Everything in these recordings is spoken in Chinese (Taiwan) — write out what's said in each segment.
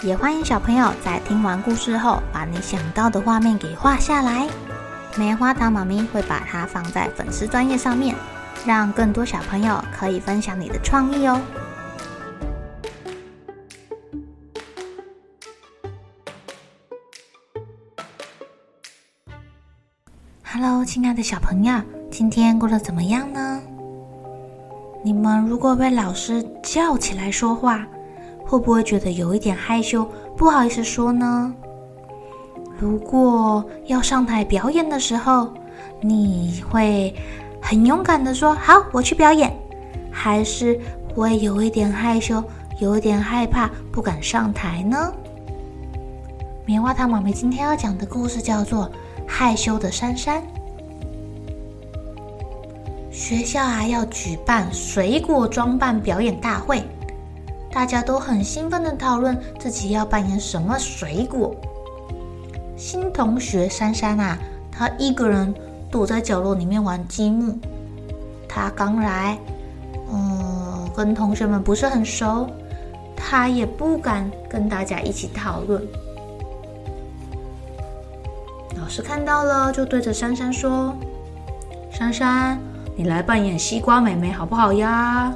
也歡迎小朋友在聽完故事後，把你想到的畫面給畫下來。棉花糖媽咪會把它放在粉絲專頁上面，讓更多小朋友可以分享你的創意哦。Hello，親愛的小朋友，今天過得怎麼樣呢？你們如果被老師叫起來說話，會不會覺得有一點害羞，不好意思說呢？如果要上台表演的時候，你會很勇敢的說“好，我去表演”，還是會有一點害羞，有一點害怕，不敢上台呢？棉花糖媽咪今天要講的故事叫做《害羞的珊珊》。學校啊，要舉辦水果裝扮表演大會。大家都很興奮的討論自己要扮演什麼水果。新同學珊珊啊，她一個人躲在角落裡面玩積木。她剛來，嗯，跟同學們不是很熟，她也不敢跟大家一起討論。老師看到了，就對着珊珊說：“珊珊，你來扮演西瓜妹妹好不好呀？”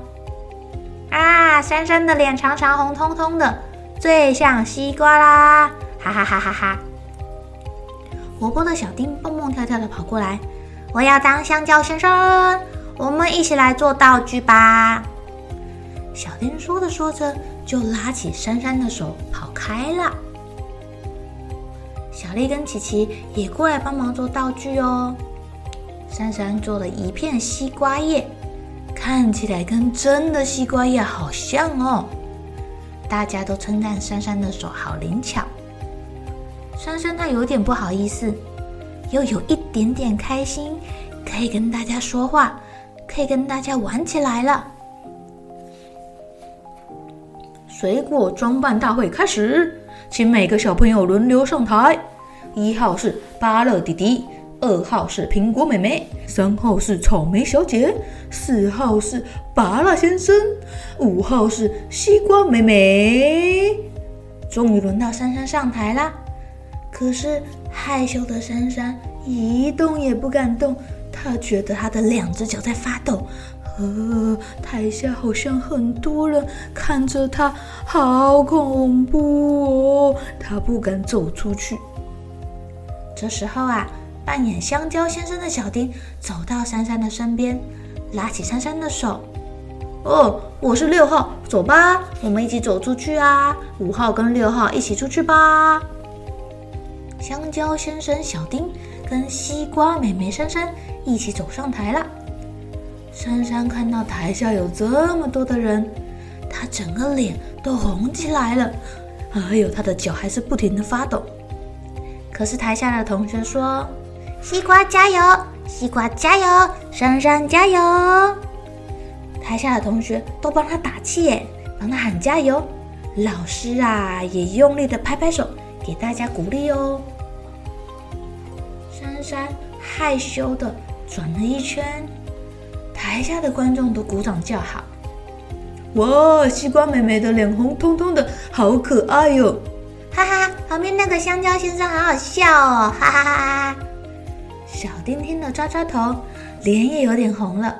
啊，珊珊的臉常常紅彤彤的，最像西瓜啦！哈哈哈哈哈！活潑的小丁蹦蹦跳跳的跑過來，我要當香蕉先生，生，我們一起來做道具吧！小丁說着說着，就拉起珊珊的手跑開了。小麗跟琪琪也過來幫忙做道具哦。珊珊做了一片西瓜葉。看起來跟真的西瓜葉好像哦！大家都稱讚珊珊的手好靈巧。珊珊她有點不好意思，又有一點點開心，可以跟大家說話，可以跟大家玩起來了。水果裝扮大會開始，請每個小朋友輪流上台。一號是芭樂弟弟。二號是蘋果妹妹，三號是草莓小姐，四號是芭樂先生，五號是西瓜妹妹。終於輪到珊珊上台啦，可是害羞的珊珊一動也不敢動，她覺得她的兩隻腳在發抖。啊、呃，台下好像很多人看着她，好恐怖哦！她不敢走出去。這時候啊。扮演香蕉先生的小丁走到珊珊的身邊，拉起珊珊的手。哦，我是六號，走吧，我們一起走出去啊！五號跟六號一起出去吧。香蕉先生小丁跟西瓜妹妹珊珊一起走上台了。珊珊看到台下有這麼多的人，她整個臉都紅起來了，還有她的腳還是不停的發抖。可是台下的同學說。西瓜加油！西瓜加油！珊珊加油！台下的同學都幫他打氣耶，幫他喊加油。老師啊，也用力的拍拍手，給大家鼓勵哦。珊珊害羞的轉了一圈，台下的觀眾都鼓掌叫好。哇，西瓜妹妹的臉紅彤彤的，好可愛喲、哦！哈哈，旁邊那個香蕉先生好好笑哦，哈哈哈哈！小丁聽的抓抓頭，臉也有點紅了。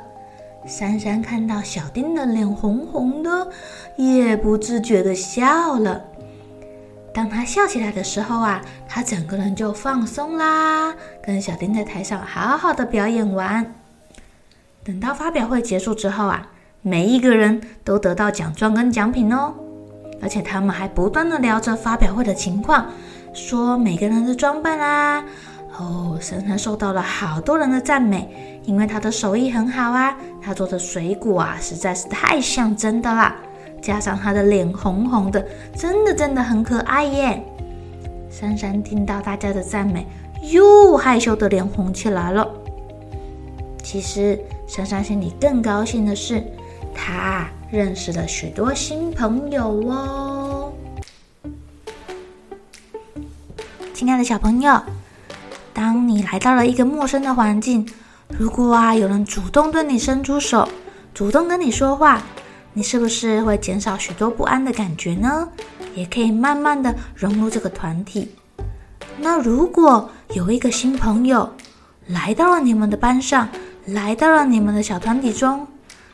珊珊看到小丁的臉紅紅的，也不自覺的笑了。當他笑起來的時候啊，他整個人就放鬆啦，跟小丁在台上好好的表演完。等到發表會結束之後啊，每一個人都得到獎狀跟獎品哦，而且他們還不斷的聊着發表會的情況，說每個人的裝扮啊。哦，珊珊受到了好多人的讚美，因為她的手藝很好啊，她做的水果啊實在是太像真的啦，加上她的臉紅紅的，真的真的很可愛耶。珊珊聽到大家的讚美，又害羞的臉紅起來了。其實珊珊心裡更高興的是，她認識了許多新朋友哦。親愛的小朋友，當你來到了一個陌生的環境，如果啊有人主動對你伸出手，主動跟你說話，你是不是會減少許多不安的感覺呢？也可以慢慢的融入這個團體。那如果有一個新朋友來到了你們的班上，來到了你們的小團體中，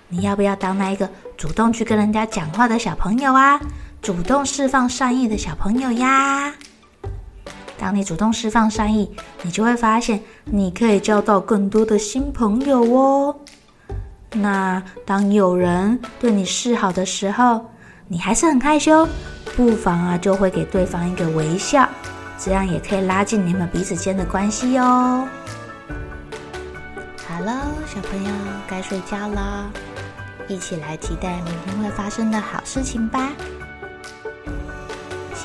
你要不要當那一個主動去跟人家講話的小朋友啊？主動釋放善意的小朋友呀？當你主動釋放善意，你就會發現你可以交到更多的新朋友哦。那當有人對你示好的時候，你還是很害羞，不妨啊就會給對方一個微笑，這樣也可以拉近你們彼此間的關係哦。好了，小朋友，該睡覺了，一起來期待明天會發生的好事情吧。